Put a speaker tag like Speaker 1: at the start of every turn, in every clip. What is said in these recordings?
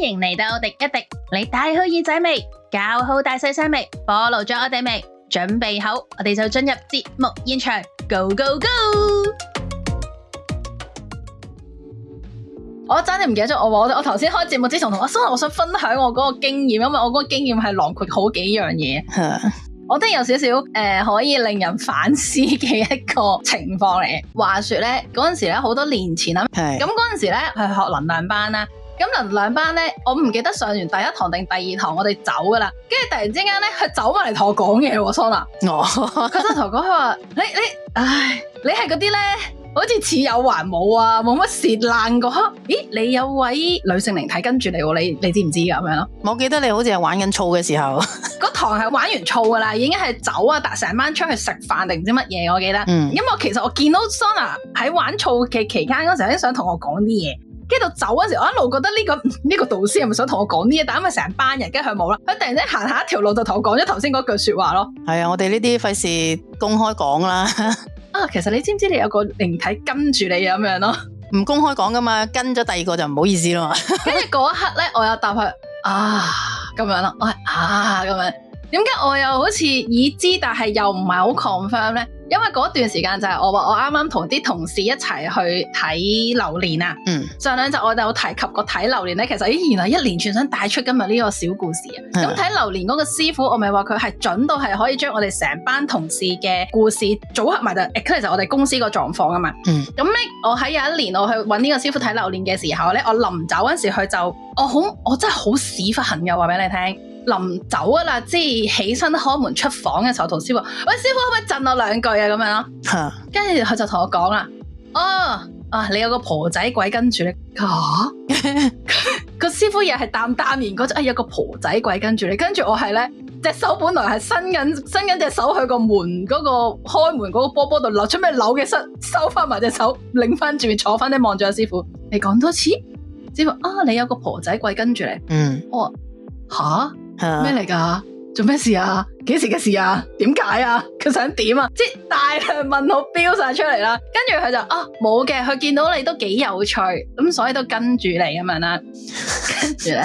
Speaker 1: 歡迎嚟到廸一廸，你帶好耳仔未？搞好大細聲未？暴露咗我哋未？準備好，我哋就進入節目現場，Go Go Go！我真係唔記得咗，我我我頭先開節目之前同阿蘇，我想分享我嗰個經驗，因為我嗰個經驗係囊括好幾樣嘢。 我都有少少誒、呃，可以令人反思嘅一個情況嚟。話說咧，嗰陣時咧，好多年前啦，咁嗰陣時咧係學能量班啦。咁輪，兩班咧，我唔記得上完第一堂定第二堂，我哋走噶啦。跟住突然之間咧，佢走埋嚟同我講嘢喎，Sona。我佢就同講佢話：，oh. 她她你你，唉，你係嗰啲咧，好似似有還冇啊，冇乜蝕爛個。咦，你有位女性靈體跟住你、啊、你，你你知唔知噶咁樣？我記得你好似係玩緊醋嘅時候，嗰 堂係玩完醋噶啦，已經係走啊，搭成班出去食飯定唔知乜嘢，我記得。嗯。Mm. 因為其實我見到 Sona 喺玩醋嘅期間嗰陣，都想同我講啲嘢。跟住走嗰時，我一路覺得呢、這個呢、嗯這個導師係咪想同我講呢嘢？但係因為成班人，跟住佢冇啦。佢突然間行下一條路，就同我講咗頭先嗰句說話咯。係啊，我哋呢啲費事公開講啦。 啊，其實你知唔知你有個靈體跟住你咁樣咯？唔 公開講噶嘛，跟咗第二個就唔好意思咯。跟住嗰一刻咧，我又答佢啊咁樣咯。我係啊咁樣。點解我又好似已知，但係又唔係好 confirm 咧？因為嗰段時間就係我話我啱啱同啲同事一齊去睇榴蓮啊，嗯、上兩集我就提及過睇榴蓮咧，其實咦原來一連串想帶出今日呢個小故事啊。咁睇、嗯、榴蓮嗰個師傅，我咪話佢係準到係可以將我哋成班同事嘅故事組合埋就，其實我哋公司個狀況啊嘛。咁咧、嗯、我喺有一年我去搵呢個師傅睇榴蓮嘅時候咧，我臨走嗰陣時佢就我好我真係好屎忽痕嘅話俾你聽。臨走啊啦，即係起身開門出房嘅時候，同師傅話：，喂，師傅可唔可以震我兩句啊？咁樣咯，啊、跟住佢就同我講啦：，哦、啊，啊，你有個婆仔鬼跟住你，吓、啊，個 師傅又係淡淡然嗰隻，哎，有個婆仔鬼跟住你。跟住我係咧，隻手本來係伸緊伸緊隻手去個門嗰、嗰個開門嗰個波波度扭，出咩扭嘅身，收翻埋隻手，擰翻轉，坐翻咧望住阿師傅，你講多次。師傅，啊，你有個婆仔鬼跟住你，嗯我，我、啊、話，吓、啊。咩嚟噶？做咩事啊？幾時嘅事啊？點解啊？佢想點啊？即係大量問號標晒出嚟啦，跟住佢就啊冇嘅，佢見到你都幾有趣，咁所以都跟住你咁樣啦。跟住咧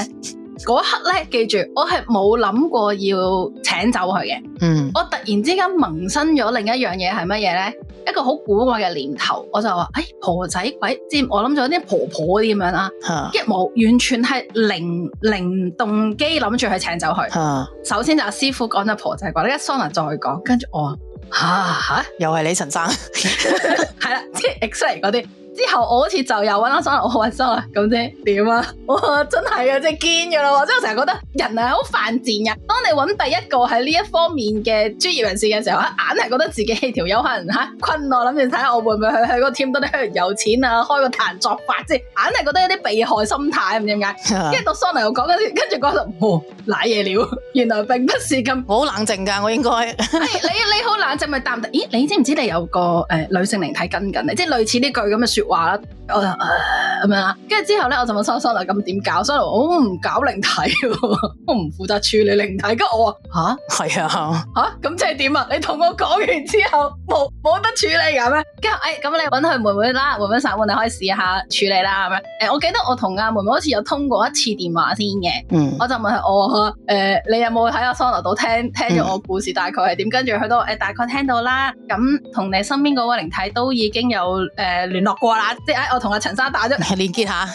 Speaker 1: 嗰刻咧，記住我係冇諗過要請走佢嘅。嗯，我突然之間萌生咗另一樣嘢係乜嘢咧？一個好古怪嘅念頭，我就話，誒、哎，婆仔鬼，即我諗咗啲婆婆啲咁樣啦、啊，啊、一無完全係零零動機諗住去請走佢。啊、首先就阿師傅講咗婆仔鬼，你一 Sona 又再講，跟住我話，吓吓，又係你陳生，係啦，即係 X-ray 嗰啲。之後我好似就又揾阿 Sona，我揾 Sona 咁啫，點啊？哇，真係啊，真係堅噶啦！即係我成日覺得人係好犯賤嘅。當你揾第一個喺呢一方面嘅專業人士嘅時候，吓硬係覺得自己係條友可能。吓，困我諗住睇下我會唔會去去嗰 team 度咧，有錢啊，開個壇作法即係。硬係覺得有啲避害心態咁點解？跟住到 Sona 又講嗰時，跟住講就哇瀨嘢了，原來並不是咁。我好冷靜噶，我應該、 哎、你你好冷靜咪答唔得？咦，你知唔知你有個誒女性靈體跟緊你？即係類似呢句咁嘅說話。話啦，我咁樣啦，跟住之後咧，我就問 Sona 啊，咁點搞？Sona，我唔搞靈體，我唔負責處理靈體。跟住我話，吓係啊吓，咁、啊啊、即係點啊？你同我講完之後，冇冇得處理噶咩？跟住，誒、哎，咁你揾佢妹妹啦，妹妹薩滿你可以試下處理啦，咁樣。誒、欸，我記得我同阿妹妹好似有通過一次電話先嘅。嗯、我就問佢，我話誒、欸，你有冇喺阿 Sona 度聽聽咗我故事大概係點？跟住佢都誒、欸，大概聽到啦。咁同你身邊嗰個靈體都已經有誒聯、呃、絡過。即係我同阿陳生打咗 連結一下，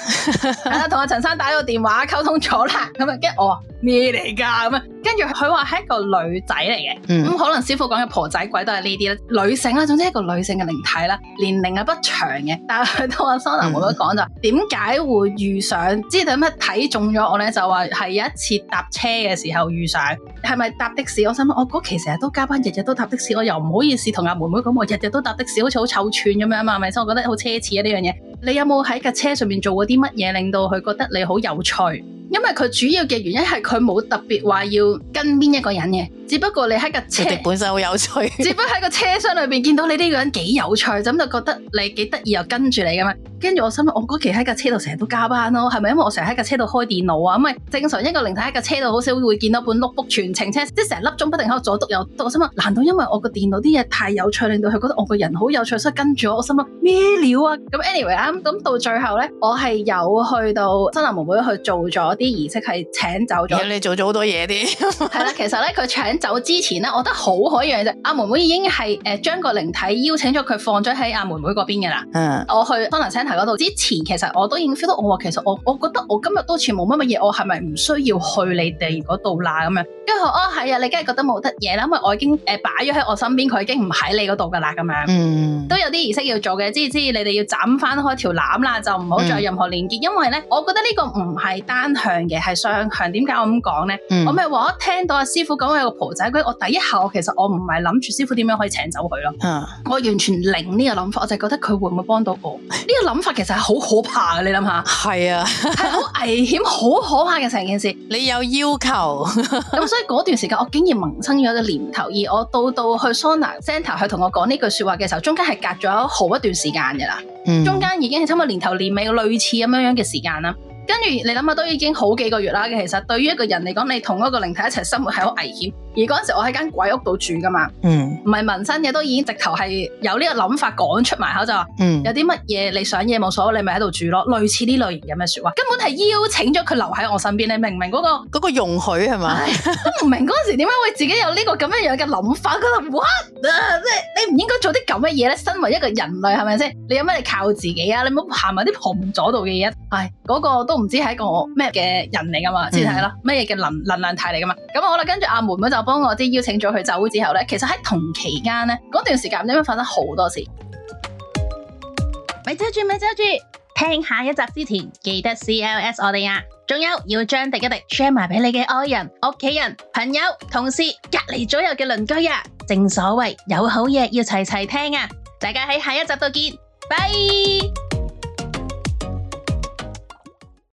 Speaker 1: 同阿陳生打咗個電話溝通咗啦，咁啊跟住我話咩嚟？噶咁樣？跟住佢話係一個女仔嚟嘅，咁可能師傅講嘅婆仔鬼都係呢啲啦，女性啦，總之係一個女性嘅靈體啦，年齡係不長嘅，但係佢同阿 Sona 冇得講，就點解會遇上？嗯、知道咩睇中咗我咧？就話係有一次搭車嘅時候遇上。係咪搭的士？我想問，我嗰期成日都加班，日日都搭的士，我又唔好意思同阿妹妹講，我日日都搭的士，好似好臭串咁樣啊？係咪所以我覺得好奢侈啊呢樣嘢。你有冇喺架車上面做過啲乜嘢令到佢覺得你好有趣？因為佢主要嘅原因係佢冇特別話要跟邊一個人嘅，只不過你喺架車本身好有趣， 只不過喺個車廂裏邊見到你呢個人幾有趣，就咁就覺得你幾得意又跟住你咁樣。跟住我心諗，我嗰期喺架車度成日都加班咯，係咪因為我成日喺架車度開電腦啊？咁咪正常，一個靈體喺架車度好少會見到本 notebook 全程車，即係成粒鐘不停喺度左督右督。我心諗難道因為我個電腦啲嘢太有趣，令到佢覺得我個人好有趣，所以跟住我。我心諗咩料啊？咁 anyway 啊，咁到最後咧，我係有去到新蘭妹妹去做咗啲儀式，係請走咗。你做咗好多嘢啲，係 啦。其實咧，佢請走之前咧，我覺得好可嘅啫。阿妹妹已經係誒將個靈體邀請咗佢放咗喺阿妹妹嗰邊嘅啦。嗯，我去 f u n 度之前，其實我都已經 feel 到我話，其實我我覺得我今日都全冇乜乜嘢，我係咪唔需要去你哋嗰度啦咁樣？跟住佢話，哦係啊，你梗係覺得冇得嘢啦，因為我已經誒擺咗喺我身邊，佢已經唔喺你嗰度噶啦咁樣，嗯、都有啲儀式要做嘅，知知，你哋要斬翻開條纜啦，就唔好再有任何連結，嗯、因為咧，我覺得呢個唔係單向嘅，係雙向。點解我咁講咧？嗯、我咪話，我聽到阿師傅講有個婆仔佢我第一下我其實我唔係諗住師傅點樣可以請走佢咯，啊、我完全零呢個諗法，我就係覺得佢會唔會幫到我呢、呢個諗法其實係好可怕嘅，你諗下係啊，係 好危險，好可怕嘅成件事。你有要求咁。 所以嗰段時間我竟然萌生咗個念頭，而我到到去 Sona Center 去同我講呢句說話嘅時候，中間係隔咗好一段時間嘅啦。嗯、中間已經係差唔多年頭年尾類似咁樣樣嘅時間啦。跟住你諗下，都已經好幾個月啦。其實對於一個人嚟講，你同一個靈體一齊生活係好危險。而嗰陣時我喺間鬼屋度住噶嘛，唔係、嗯、民生嘅都已經直頭係有呢個諗法講出埋口就話，有啲乜嘢你想嘢冇所謂，你咪喺度住咯，類似呢類型咁嘅説話，根本係邀請咗佢留喺我身邊，你明唔明？嗰個嗰個容許係咪？都唔明嗰陣時點解會自己有呢個咁嘅樣嘅諗法？就覺得 what 即係你唔應該做啲咁嘅嘢咧。身為一個人類係咪先？你有咩嚟靠自己啊？你唔好行埋啲旁門左道嘅嘢，係嗰個都唔知係一個咩嘅人嚟噶嘛？先睇啦，咩嘅能能量體嚟噶嘛？咁好啦，跟住阿妹妹就。幫我啲邀請咗佢走之後咧，其實喺同期間咧，嗰段時間點解發生好多事？咪遮住咪遮住！聽下一集之前記得 CLS 我哋啊，仲有要將廸一廸 share 埋俾你嘅愛人、屋企人、朋友、同事、隔籬左右嘅鄰居啊！正所謂有好嘢要齊齊聽啊！大家喺下一集度見，拜。